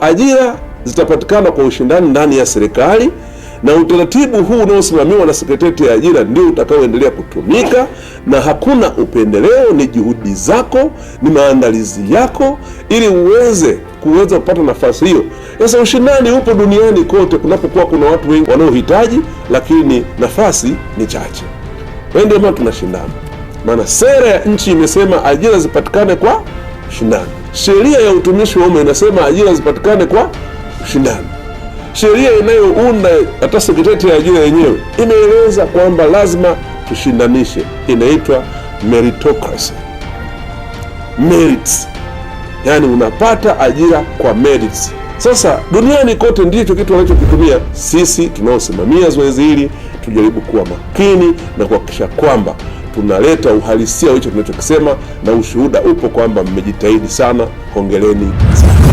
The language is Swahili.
Ajira zitapatikana kwa ushindani ndani ya serikali na utaratibu huu unaosimamiwa na sekretarieti ya ajira ndio utakaoendelea kutumika, na hakuna upendeleo. Ni juhudi zako, ni maandalizi yako, ili uweze kuweza kupata nafasi hiyo. Sasa ushindani upo duniani kote, kunapokuwa kuna watu wengi wanaohitaji, lakini nafasi ni chache. Ndio maana tunashindana, maana sera ya nchi imesema ajira zipatikane kwa ushindani. Sheria ya utumishi wa umma inasema ajira zipatikane kwa ushindani. Sheria inayounda hata sekretarieti ya ajira yenyewe imeeleza kwamba lazima tushindanishe, inaitwa meritocracy. Merits, yaani unapata ajira kwa merits. Sasa duniani kote ndicho kitu wanachokitumia. Sisi tunaosimamia zoezi hili tujaribu kuwa makini na kuhakikisha kwamba tunaleta uhalisia wa hicho tunachokisema, na ushuhuda upo kwamba mmejitahidi sana. Hongereni sana.